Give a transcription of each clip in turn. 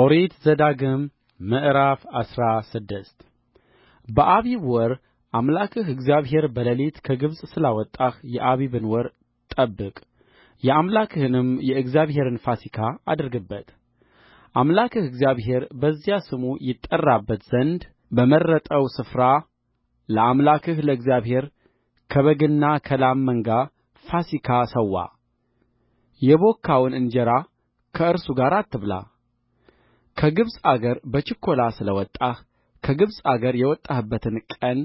ኦሪት ዘዳግም ምዕራፍ አስራ ስድስት በአቢብ ወር አምላክህ እግዚአብሔር በሌሊት ከግብፅ ስላወጣህ የአቢብን ወር ጠብቅ የአምላክህንም የእግዚአብሔርን ፋሲካ አድርግበት አምላክህ እግዚአብሔር በዚያ ስሙ ይጠራበት ዘንድ በመረጠው ስፍራ ለአምላክህ ለእግዚአብሔር ከበግና ከላም መንጋ ፋሲካ ሰዋ የቦካውን እንጀራ ከእርሱ ጋር አትብላ ከግብፅ አገር በችኰላ ስለ ወጣህ ከግብፅ አገር የወጣህበትን ቀን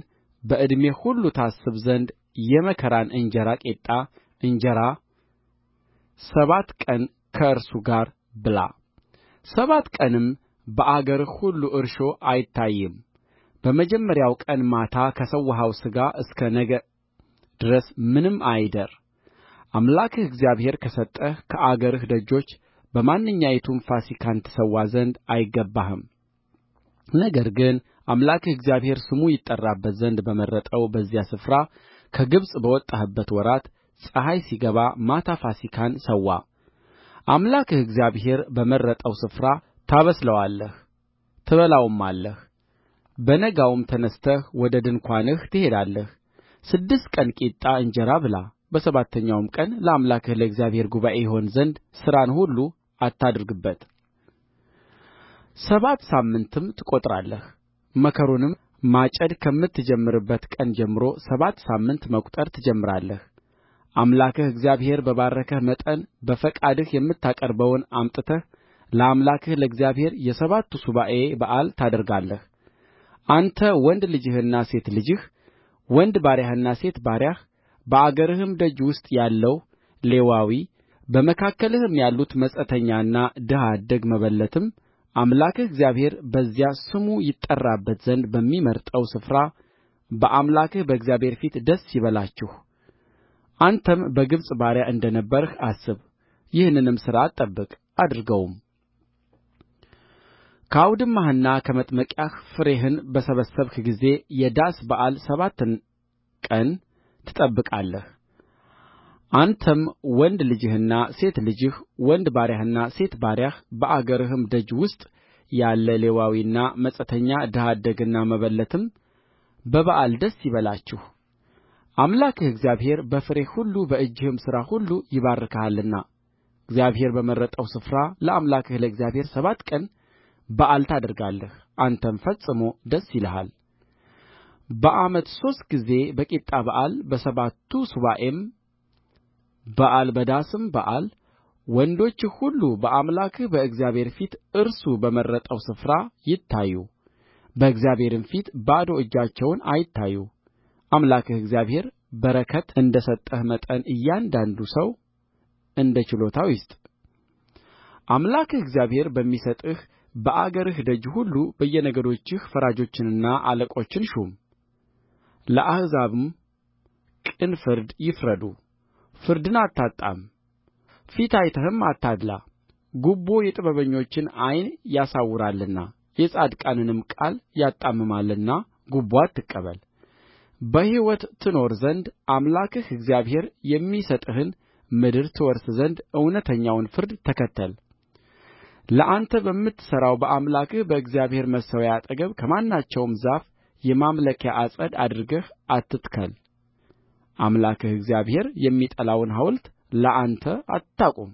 በዕድሜህ ሁሉ ታስብ ዘንድ የመከራን እንጀራ ቂጣ እንጀራ ሰባት ቀን ከእርሱ ጋር ብላ ሰባት ቀንም በአገርህ ሁሉ እርሾ አይታይም በመጀመሪያው ቀን ማታ ከሠዋኸው ሥጋ እስከ ነገ ድረስ ምንም አይደር አምላክህ እግዚአብሔር ከሰጠህ ከአገርህ ደጆች በማንኛይቱም ፋሲካን ትሠዋ ዘንድ አይገባህም ነገር ግን አምላክህ እግዚአብሔር ስሙ ይጠራበት ዘንድ በመረጠው በዚያ ስፍራ ከግብፅ በወጣህበት ወራት ፀሐይ ሲገባ ማታ ፋሲካን ሰዋ አምላክህ እግዚአብሔር በመረጠው ስፍራ ታበስለዋለህ ትበላውማለህ በነጋውም ተነሥተህ ወደ ድንኳንህ ትሄዳለህ ስድስት ቀን ቂጣ እንጀራ ብላ በሰባተኛውም ቀን ለአምላክህ ለእግዚአብሔር ጉባኤ ይሆን ዘንድ ሥራን ሁሉ አታድርግበት ሰባት ሳምንትም ትቈጥራለህ መከሩንም ማጨድ ከምትጀምርበት ቀን ጀምሮ ሰባት ሳምንት መቍጠር ትጀምራለህ አምላክህ እግዚአብሔር በባረከህ መጠን በፈቃድህ የምታቀርበውን አምጥተህ ለአምላክህ ለእግዚአብሔር የሰባቱ ሱባዔ በዓል ታደርጋለህ አንተ ወንድ ልጅህና ሴት ልጅህ ወንድ ባሪያህና ሴት ባሪያህ በአገርህም ደጅ ውስጥ ያለው ሌዋዊ በመካከልህም ያሉት መጻተኛና ድሀ አደግ መበለትም አምላክህ እግዚአብሔር በዚያ ስሙ ይጠራበት ዘንድ በሚመርጠው ስፍራ በአምላክህ በእግዚአብሔር ፊት ደስ ይበላችሁ አንተም በግብፅ ባሪያ እንደ ነበርህ አስብ ይህንንም ሥርዓት ጠብቅ አድርገውም ከአውድማህና ከመጥመቂያህ ፍሬህን በሰበሰብህ ጊዜ የዳስ በዓል ሰባትን ቀን ትጠብቃለህ አንተም ወንድ ልጅህና ሴት ልጅህ ወንድ ባሪያህና ሴት ባሪያህ በአገርህም ደጅ ውስጥ ያለ ሌዋዊና መጻተኛ ድሀ አደግና መበለትም በበዓል ደስ ይበላችሁ አምላክህ እግዚአብሔር በፍሬህ ሁሉ በእጅህም ሥራ ሁሉ ይባርክሃልና እግዚአብሔር በመረጠው ስፍራ ለአምላክህ ለእግዚአብሔር ሰባት ቀን በዓል ታደርጋለህ አንተም ፈጽሞ ደስ ይልሃል በዓመት ሦስት ጊዜ በቂጣ በዓል በሰባቱ ሱባዔም በዳስም በዓል ወንዶችህ ሁሉ በአምላክህ በእግዚአብሔር ፊት እርሱ በመረጠው ስፍራ ይታዩ በእግዚአብሔርም ፊት ባዶ እጃቸውን አይታዩ አምላክህ እግዚአብሔር በረከት እንደ ሰጠህ መጠን እያንዳንዱ ሰው እንደ ችሎታው ይስጥ አምላክህ እግዚአብሔር በሚሰጥህ በአገርህ ደጅ ሁሉ በየነገዶችህ ፈራጆችንና አለቆችን ሹም ለአሕዛብም ቅን ፍርድ ይፍረዱ ፍርድን አታጣም ፊት አይተህም አታድላ ጉቦ የጥበበኞችን ዓይን ያሳውራልና የጻድቃንንም ቃል ያጣምማልና ጉቦ አትቀበል በሕይወት ትኖር ዘንድ አምላክህ እግዚአብሔር የሚሰጥህን ምድር ትወርስ ዘንድ እውነተኛውን ፍርድ ተከተል ለአንተ በምትሠራው በአምላክህ በእግዚአብሔር መሠዊያ አጠገብ ከማናቸውም ዛፍ የማምለኪያ ዐፀድ አድርገህ አትትከል አምላክህ እግዚአብሔር የሚጠላውን ሐውልት ለአንተ አታቁም